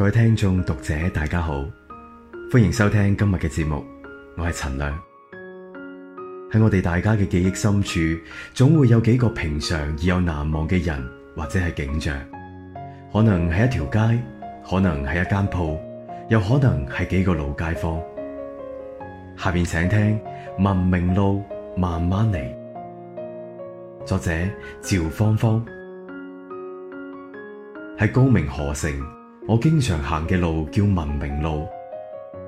各位聽眾讀者大家好，歡迎收聽今日嘅節目，我係陳亮。喺我哋大家嘅記憶深處，總會有幾個平常而又難忘嘅人或者係景象，可能係一條街，可能係一間鋪，又可能係幾個老街坊。下面請聽《文明路慢慢來》，作者趙芳芳，喺高明河城。我經常行嘅路叫文明路，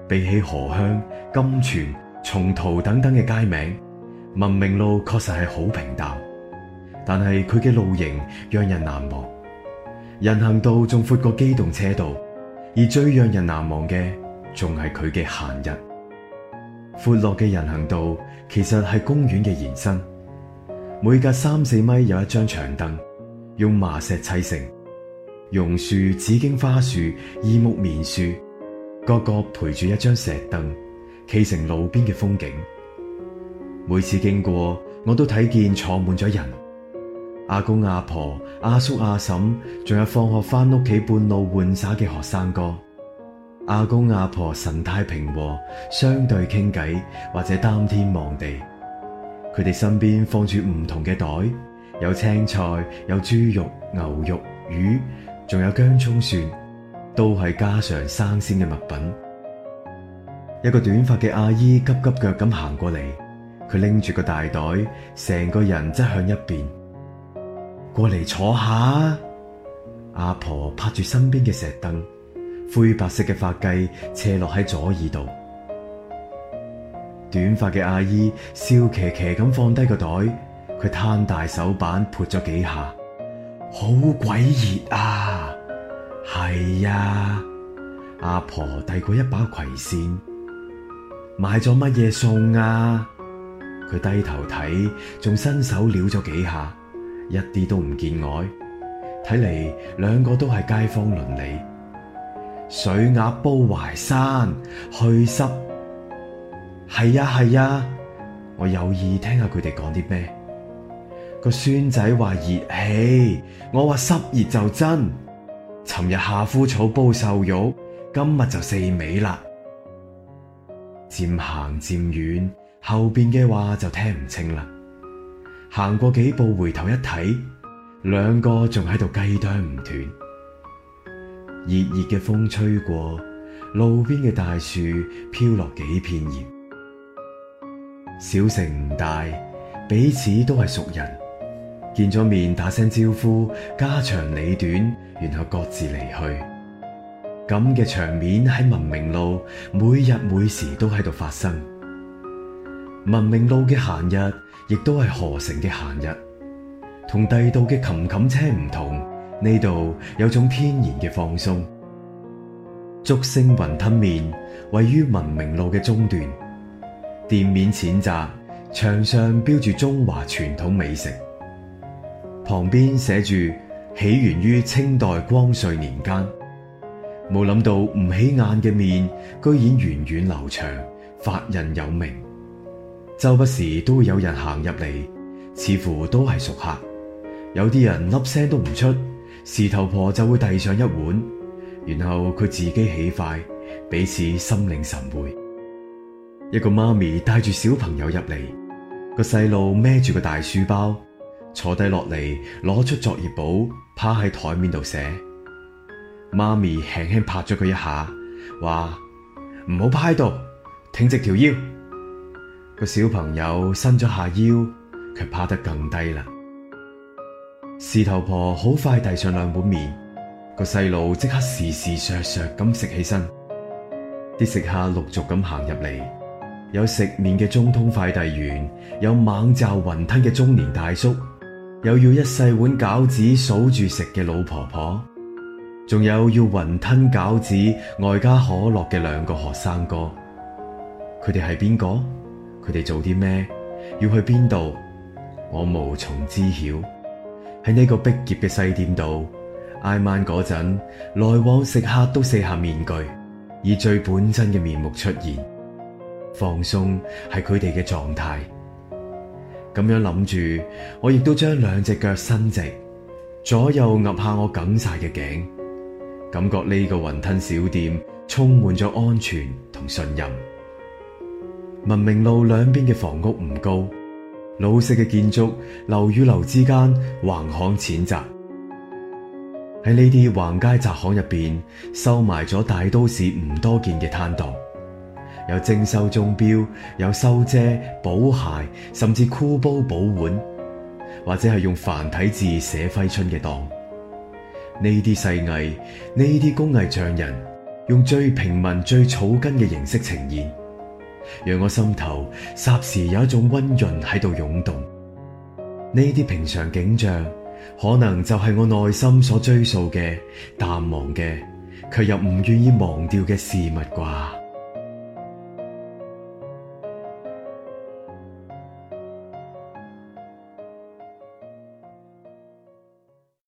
比起河鄉、金泉、松濤等等嘅街名，文明路確實係好平淡。但係佢嘅路型讓人難忘，人行道仲闊過機動車道，而最讓人難忘嘅仲係佢嘅行人。闊落嘅人行道其實係公園嘅延伸，每隔三四米有一張長凳，用麻石砌成。榕樹、紫荊花樹、異木棉樹，個個陪住一張石凳，企成路邊嘅風景。每次經過，我都睇見坐滿咗人。阿公阿婆、阿叔阿嬸，仲有放學返屋企半路玩耍嘅學生哥。阿公阿婆神態平和，相對傾偈，或者擔天望地。佢哋身邊放住唔同嘅袋，有青菜，有豬肉、牛肉、魚。仲有薑蔥蒜，都係家常生鮮嘅物品。一個短髮嘅阿姨急急腳咁行過嚟，佢拎住個大袋，成個人側向一邊。過嚟坐下，阿婆拍住身邊嘅石凳，灰白色嘅髮髻斜落喺左耳度。短髮嘅阿姨笑騎騎咁放低個袋，佢攤大手板潑咗幾下。好鬼熱啊！係啊，阿婆遞過一把葵扇，買咗乜嘢餸啊？佢低頭睇，仲伸手撩咗幾下，一啲都唔見外。睇嚟兩個都係街坊鄰里。水鴨煲淮山去濕，係啊係啊，我有意聽下佢哋講啲咩。個孫仔話熱氣，我話濕熱就真。尋日夏枯草煲瘦肉，今日就四味啦。漸行漸遠，後邊嘅話就聽唔清啦。行過幾步回頭一睇，兩個仲喺度雞啄唔斷。熱熱嘅風吹過，路邊嘅大樹飄落幾片葉。小城唔大，彼此都係熟人。見咗面打聲招呼，家長裏短，然後各自離去。咁嘅場面喺文明路每日每時都喺度發生。文明路嘅閒日，亦都係河城嘅閒日。同第度嘅琴琴車唔同，呢度有種天然嘅放鬆。竹升雲吞麵位於文明路嘅中段，店面淺窄，牆上標住中華傳統美食。旁邊寫住起源於清代光緒年間，冇諗到唔起眼嘅麵，居然源遠流長，發人有名。周不時都會有人行入嚟，似乎都係熟客。有啲人粒聲都唔出，事頭婆就會遞上一碗，然後佢自己起筷，彼此心領神會。一個媽咪帶住小朋友入嚟，個細路孭住個大書包。坐低落嚟，攞出作業簿，趴喺台面度寫。媽咪輕輕拍咗佢一下，話唔好趴喺度，挺直條腰。個小朋友伸咗下腰，卻趴得更低啦。事頭婆好快遞上兩碗麵，個細路即刻時時削削咁食起身。啲食客陸續咁行入嚟，有食麵嘅中通快遞員，有猛罩雲吞嘅中年大叔。又要一細碗餃子數住食嘅老婆婆，仲有要雲吞餃子外加可樂嘅兩個學生哥，佢哋係邊個？佢哋做啲咩？要去邊度？我無從知曉。喺呢個逼仄嘅細店度，挨晚嗰陣，來往食客都卸下面具，以最本真嘅面目出現，放鬆係佢哋嘅狀態。咁樣諗住，我亦都將兩隻腳伸直，左右壓下我梗晒嘅頸，感覺呢個雲吞小店充滿咗安全同信任。文明路兩邊嘅房屋唔高，老式嘅建築，樓與樓之間橫巷淺窄，喺呢啲橫街窄巷入邊收埋咗大都市唔多見嘅攤檔。有徵收鐘錶，有修遮補鞋，甚至箍煲補碗，或者係用繁體字寫揮春嘅檔。呢啲細藝，呢啲工藝匠人，用最平民、最草根嘅形式呈現，讓我心頭霎時有一種溫潤喺度湧動。呢啲平常景象，可能就係我內心所追溯嘅、淡忘嘅，卻又唔願意忘掉嘅事物啩。